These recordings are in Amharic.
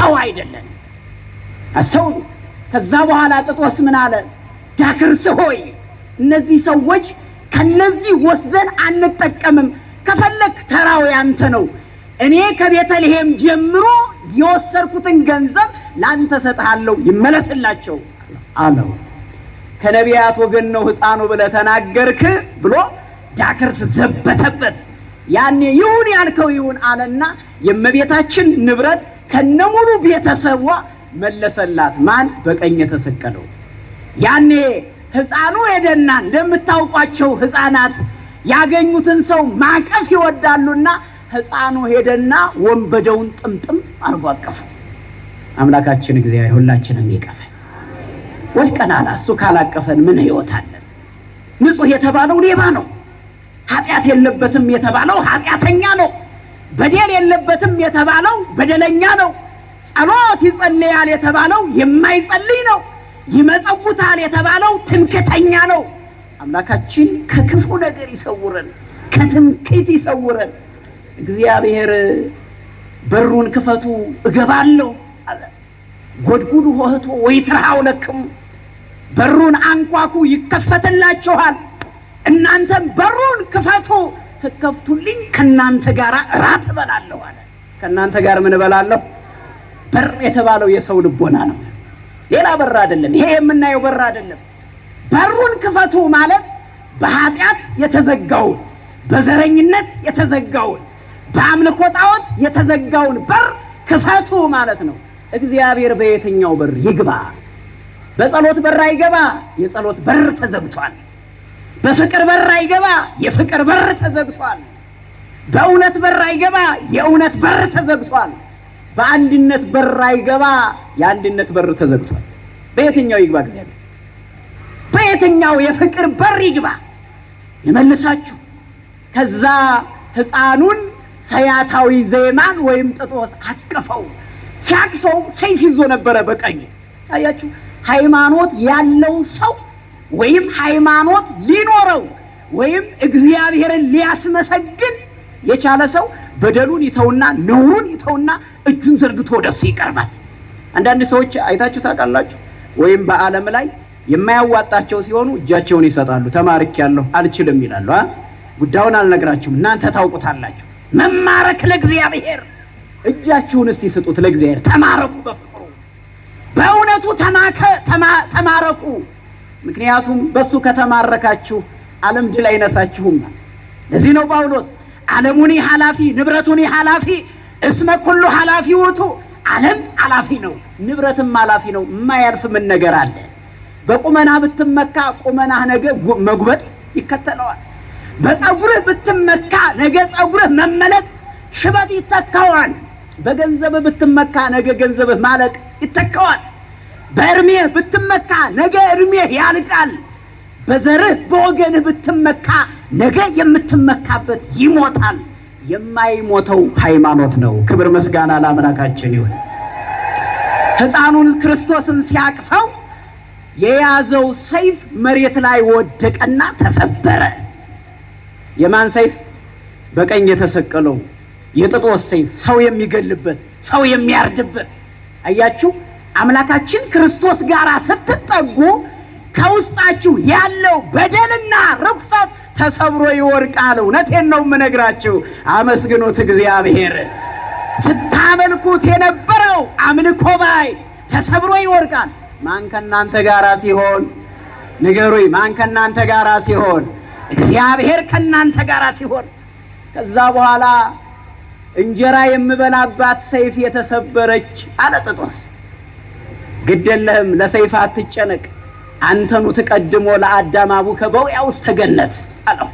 ሰው አይደለን። ሰው ከዛ በኋላ ጥጦስ ምን አለ? ዳክርስ ሆይ እነዚህ ሰዎች ከነዚህ ወስደን አንጠቀምም። ከፈለግ ተራው ያንተ ነው። እኔ ከቤተልሔም ጀምሮ የወሰድኩትን ገንዘብ ላንተ ሰጥሃለሁ፣ ይመለስላቸው አለው። ከነቢያት ወገን ነው ሕፃኑ ብለህ ተናገርክ ብሎ ዳክርስ ዘበተበት። ያኔ ይሁን ያልከው ይሁን አለና የእመቤታችን ንብረት ከነሙሉ ቤተሰቧ መለሰላት። ማን? በቀኝ የተሰቀለው። ያኔ ህፃኑ ሄደና እንደምታውቋቸው ህፃናት ያገኙትን ሰው ማቀፍ ይወዳሉና ህፃኑ ሄደና ወንበደውን ጥምጥም አርጎ አቀፉ። አምላካችን እግዚአብሔር ሁላችንም ይቀፈን። ወድቀናል። እሱ ካላቀፈን ምን ህይወት አለን? ንጹህ የተባለው ሌባ ነው። ኃጢአት የለበትም የተባለው ኃጢአተኛ ነው። በደል የለበትም የተባለው በደለኛ ነው። ጸሎት ይጸልያል የተባለው የማይጸልይ ነው። ይመጸውታል የተባለው ትምክተኛ ነው። አምላካችን ከክፉ ነገር ይሰውረን፣ ከትምክት ይሰውረን። እግዚአብሔር በሩን ክፈቱ እገባለሁ አለ። ጎድጉዱ ሆህቶ ወይትርሃው ለክሙ፣ በሩን አንኳኩ ይከፈትላችኋል። እናንተም በሩን ክፈቱ ስከፍቱልኝ ከእናንተ ጋር እራት እበላለሁ አለ። ከእናንተ ጋር ምን እበላለሁ? በር የተባለው የሰው ልቦና ነው። ሌላ በር አይደለም። ይሄ የምናየው በር አይደለም። በሩን ክፈቱ ማለት በኃጢአት የተዘጋውን፣ በዘረኝነት የተዘጋውን፣ በአምልኮ ጣዖት የተዘጋውን በር ክፈቱ ማለት ነው። እግዚአብሔር በየትኛው በር ይግባ? በጸሎት በር አይገባ። የጸሎት በር ተዘግቷል። በፍቅር በር አይገባ፣ የፍቅር በር ተዘግቷል። በእውነት በር አይገባ፣ የእውነት በር ተዘግቷል። በአንድነት በር አይገባ፣ የአንድነት በር ተዘግቷል። በየትኛው ይግባ? እግዚአብሔር በየትኛው የፍቅር በር ይግባ? ልመልሳችሁ። ከዛ ሕፃኑን ፈያታዊ ዜማን ወይም ጥጦስ አቀፈው። ሲያቅፈው ሰይፍ ይዞ ነበረ በቀኝ። ታያችሁ፣ ሃይማኖት ያለው ሰው ወይም ሃይማኖት ሊኖረው ወይም እግዚአብሔርን ሊያስመሰግን የቻለ ሰው በደሉን ይተውና ነውሩን ይተውና እጁን ዘርግቶ ወደሱ ይቀርባል። አንዳንድ ሰዎች አይታችሁ ታውቃላችሁ? ወይም በዓለም ላይ የማያዋጣቸው ሲሆኑ እጃቸውን ይሰጣሉ። ተማርኬያለሁ አልችልም ይላሉ። ጉዳዩን አልነግራችሁም እናንተ ታውቁታላችሁ። መማረክ ለእግዚአብሔር እጃችሁን እስቲ ስጡት ለእግዚአብሔር። ተማረኩ፣ በፍቅሩ በእውነቱ ተማረኩ። ምክንያቱም በእሱ ከተማረካችሁ ዓለም ድል አይነሳችሁም። ለዚህ ነው ጳውሎስ ዓለሙኒ ኃላፊ ንብረቱኒ ኃላፊ እስመ ኩሉ ኃላፊ ውቱ። ዓለም አላፊ ነው፣ ንብረትም አላፊ ነው። የማያልፍ ምን ነገር አለ? በቁመና ብትመካ ቁመናህ ነገ መጉበጥ ይከተለዋል። በጸጉርህ ብትመካ ነገ ጸጉርህ መመለጥ ሽበት ይተካዋል። በገንዘብህ ብትመካ ነገ ገንዘብህ ማለቅ ይተካዋል። በእርሜ ብትመካ ነገ እድሜህ ያልቃል። በዘርህ በወገንህ ብትመካ ነገ የምትመካበት ይሞታል። የማይሞተው ሃይማኖት ነው። ክብር ምስጋና ለአምላካችን ይሁን። ሕፃኑን ክርስቶስን ሲያቅፈው የያዘው ሰይፍ መሬት ላይ ወደቀና ተሰበረ። የማን ሰይፍ? በቀኝ የተሰቀለው የጥጦስ ሰይፍ፣ ሰው የሚገልበት ሰው የሚያርድበት አያችሁ። አምላካችን ክርስቶስ ጋር ስትጠጉ ከውስጣችሁ ያለው በደልና ርኩሰት ተሰብሮ ይወድቃል። እውነቴን ነው የምነግራችሁ። አመስግኑት እግዚአብሔር። ስታመልኩት የነበረው አምልኮ ባይ ተሰብሮ ይወድቃል። ማን ከእናንተ ጋራ ሲሆን ንገሩኝ። ማን ከእናንተ ጋራ ሲሆን? እግዚአብሔር ከእናንተ ጋራ ሲሆን ከዛ በኋላ እንጀራ የምበላባት ሰይፍ የተሰበረች አለ ግደለህም ለሰይፍ አትጨነቅ አንተኑ ትቀድሞ ለአዳም አቡከ በውያ ውስጥ ተገነት አለው።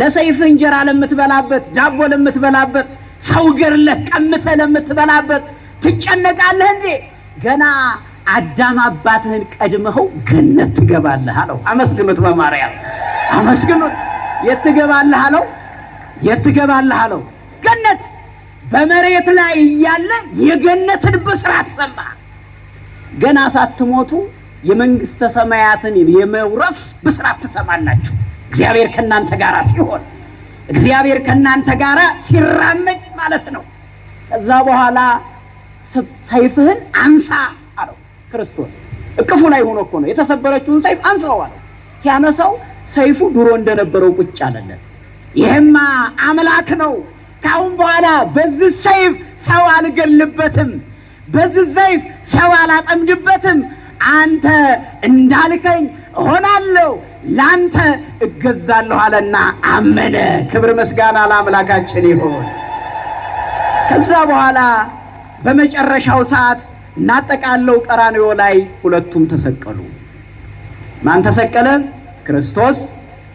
ለሰይፍ እንጀራ ለምትበላበት ዳቦ ለምትበላበት ሰው ገድለህ ቀምተህ ለምትበላበት ትጨነቃለህ እንዴ? ገና አዳም አባትህን ቀድመኸው ገነት ትገባለህ አለው። አመስግኑት፣ በማርያም አመስግኑት። የት ትገባለህ አለው? የት ትገባለህ አለው? ገነት። በመሬት ላይ እያለ የገነትን ብስራት ሰማ። ገና ሳትሞቱ የመንግስተ ሰማያትን የመውረስ ብስራት ትሰማላችሁ። እግዚአብሔር ከእናንተ ጋር ሲሆን እግዚአብሔር ከእናንተ ጋር ሲራመድ ማለት ነው። ከዛ በኋላ ሰይፍህን አንሳ አለው ክርስቶስ። እቅፉ ላይ ሆኖ እኮ ነው የተሰበረችውን ሰይፍ አንሳው አለው። ሲያነሳው ሰይፉ ድሮ እንደነበረው ቁጭ አለለት። ይህማ አምላክ ነው። ከአሁን በኋላ በዚህ ሰይፍ ሰው አልገልበትም በዚህ ሰይፍ ሰው አላጠምድበትም። አንተ እንዳልከኝ እሆናለሁ፣ ላንተ እገዛለሁ አለና አመነ። ክብር ምስጋና ለአምላካችን ይሁን። ከዛ በኋላ በመጨረሻው ሰዓት እናጠቃለው። ቀራንዮ ላይ ሁለቱም ተሰቀሉ። ማን ተሰቀለ? ክርስቶስ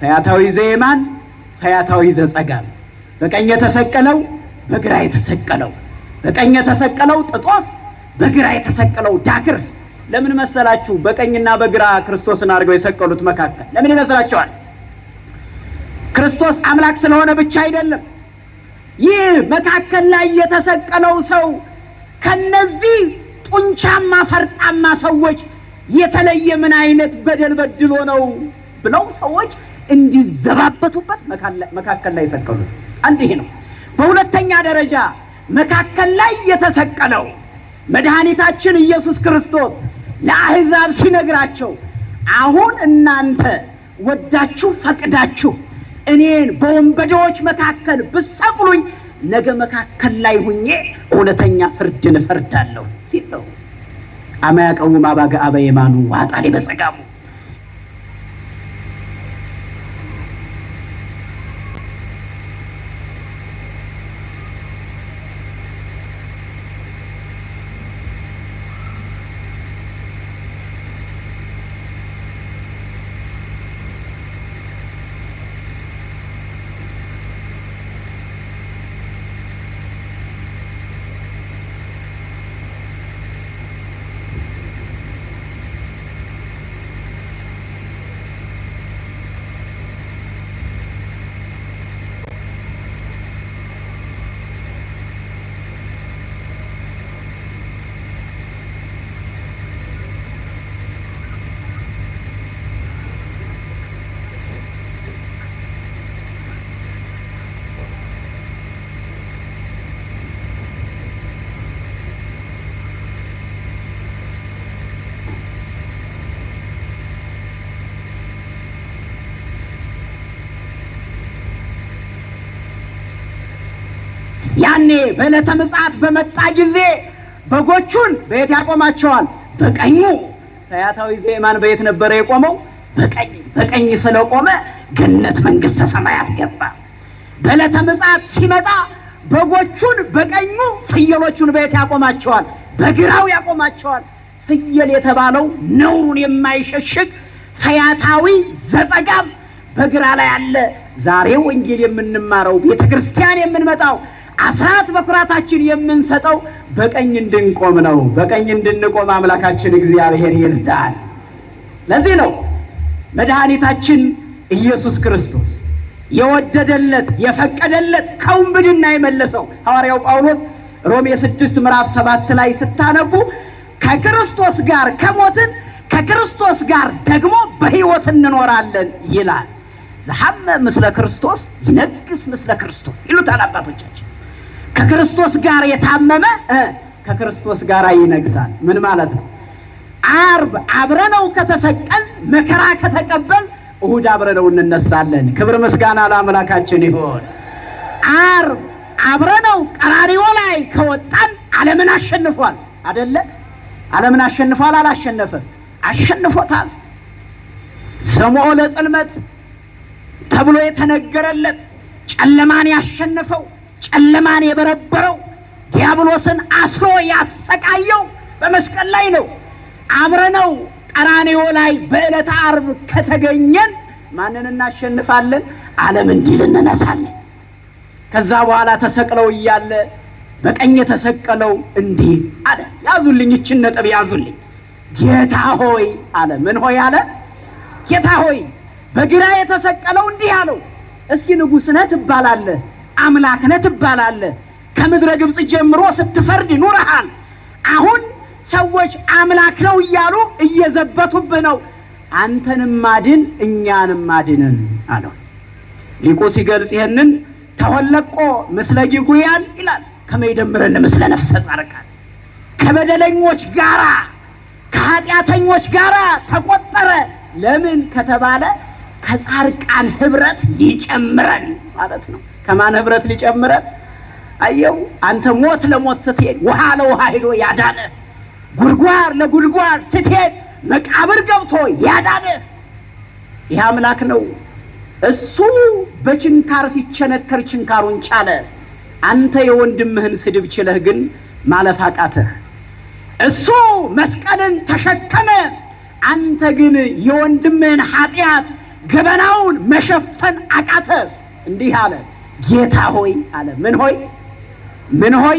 ፈያታዊ ዘየማን፣ ፈያታዊ ዘጸጋም። በቀኝ የተሰቀለው፣ በግራ የተሰቀለው በቀኝ የተሰቀለው ጥጦስ፣ በግራ የተሰቀለው ዳክርስ። ለምን መሰላችሁ? በቀኝና በግራ ክርስቶስን አድርገው የሰቀሉት መካከል ለምን ይመስላችኋል? ክርስቶስ አምላክ ስለሆነ ብቻ አይደለም። ይህ መካከል ላይ የተሰቀለው ሰው ከነዚህ ጡንቻማ ፈርጣማ ሰዎች የተለየ ምን አይነት በደል በድሎ ነው ብለው ሰዎች እንዲዘባበቱበት መካከል ላይ የሰቀሉት አንድ ይሄ ነው። በሁለተኛ ደረጃ መካከል ላይ የተሰቀለው መድኃኒታችን ኢየሱስ ክርስቶስ ለአሕዛብ ሲነግራቸው አሁን እናንተ ወዳችሁ ፈቅዳችሁ እኔን በወንበዴዎች መካከል ብትሰቅሉኝ ነገ መካከል ላይ ሁኜ እውነተኛ ፍርድን እፈርዳለሁ ሲል ነው። አመ አባገ አበ የማኑ ዋጣሌ በጸጋሙ ያኔ በዕለተ ምጽአት በመጣ ጊዜ በጎቹን በየት ያቆማቸዋል? በቀኙ። ፈያታዊ ዘየማን በየት ነበረ የቆመው? በቀኝ። በቀኝ ስለቆመ ገነት መንግሥተ ሰማያት ገባ። በዕለተ ምጽአት ሲመጣ በጎቹን በቀኙ፣ ፍየሎቹን በየት ያቆማቸዋል? በግራው ያቆማቸዋል። ፍየል የተባለው ነውሩን የማይሸሽግ ፈያታዊ ዘጸጋም በግራ ላይ አለ። ዛሬ ወንጌል የምንማረው ቤተ ክርስቲያን የምንመጣው አስራት በኩራታችን የምንሰጠው በቀኝ እንድንቆም ነው። በቀኝ እንድንቆም አምላካችን እግዚአብሔር ይርዳል። ለዚህ ነው መድኃኒታችን ኢየሱስ ክርስቶስ የወደደለት የፈቀደለት ከውንብድና የመለሰው ሐዋርያው ጳውሎስ ሮሜ ስድስት ምዕራፍ ሰባት ላይ ስታነቡ ከክርስቶስ ጋር ከሞትን ከክርስቶስ ጋር ደግሞ በሕይወት እንኖራለን ይላል። ዘሐመ ምስለ ክርስቶስ ይነግስ ምስለ ክርስቶስ ይሉታል አባቶቻችን። ከክርስቶስ ጋር የታመመ ከክርስቶስ ጋር ይነግሳል። ምን ማለት ነው? አርብ አብረነው ከተሰቀል መከራ ከተቀበል እሁድ አብረነው እንነሳለን። ክብር ምስጋና ለአምላካችን ይሆን። አርብ አብረነው ቀራሪዎ ላይ ከወጣን ዓለምን አሸንፏል አደለ? ዓለምን አሸንፏል አላሸነፈ? አሸንፎታል። ሰምዖ ለጽልመት ተብሎ የተነገረለት ጨለማን ያሸነፈው ጨለማን የበረበረው ዲያብሎስን አስሮ ያሰቃየው በመስቀል ላይ ነው። አብረነው ቀራኔዮ ላይ በዕለተ አርብ ከተገኘን ማንን እናሸንፋለን? አለም እንዲል እንነሳለን። ከዛ በኋላ ተሰቅለው እያለ በቀኝ የተሰቀለው እንዲህ አለ። ያዙልኝ፣ ይችን ነጥብ ያዙልኝ። ጌታ ሆይ አለ። ምን ሆይ አለ? ጌታ ሆይ። በግራ የተሰቀለው እንዲህ አለው፣ እስኪ ንጉሥ ነህ ትባላለህ አምላክ ነህ ትባላለህ። ከምድረ ግብፅ ጀምሮ ስትፈርድ ኑርሃል። አሁን ሰዎች አምላክ ነው እያሉ እየዘበቱብህ ነው። አንተንም ማድን እኛንም ማድንን አለው። ሊቁ ሲገልጽ ይህንን ተወለቆ ምስለ ጊጉያን ይላል ከመይደምረን ምስለ ነፍሰ ጻርቃን ከበደለኞች ጋራ ከኃጢአተኞች ጋራ ተቆጠረ። ለምን ከተባለ ከጻርቃን ህብረት ይጨምረን ማለት ነው። ከማን ህብረት ሊጨምረን? አየው አንተ ሞት ለሞት ስትሄድ ውሃ ለውሃ ሄዶ ያዳነ ጉድጓድ ለጉድጓድ ስትሄድ መቃብር ገብቶ ያዳነ ይህ አምላክ ነው። እሱ በችንካር ሲቸነከር ችንካሩን ቻለ። አንተ የወንድምህን ስድብ ችለህ ግን ማለፍ አቃተህ። እሱ መስቀልን ተሸከመ። አንተ ግን የወንድምህን ኃጢአት ገበናውን መሸፈን አቃተህ። እንዲህ አለ ጌታ ሆይ አለ። ምን ሆይ? ምን ሆይ?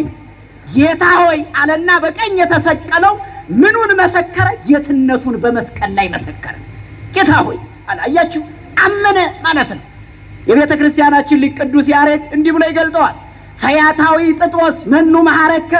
ጌታ ሆይ አለና በቀኝ የተሰቀለው ምኑን መሰከረ? ጌትነቱን በመስቀል ላይ መሰከረ። ጌታ ሆይ አለ። አያችሁ፣ አመነ ማለት ነው። የቤተ ክርስቲያናችን ሊቅ ቅዱስ ያሬድ እንዲህ ብሎ ይገልጠዋል። ፈያታዊ ጥጦስ መኑ መሐረከ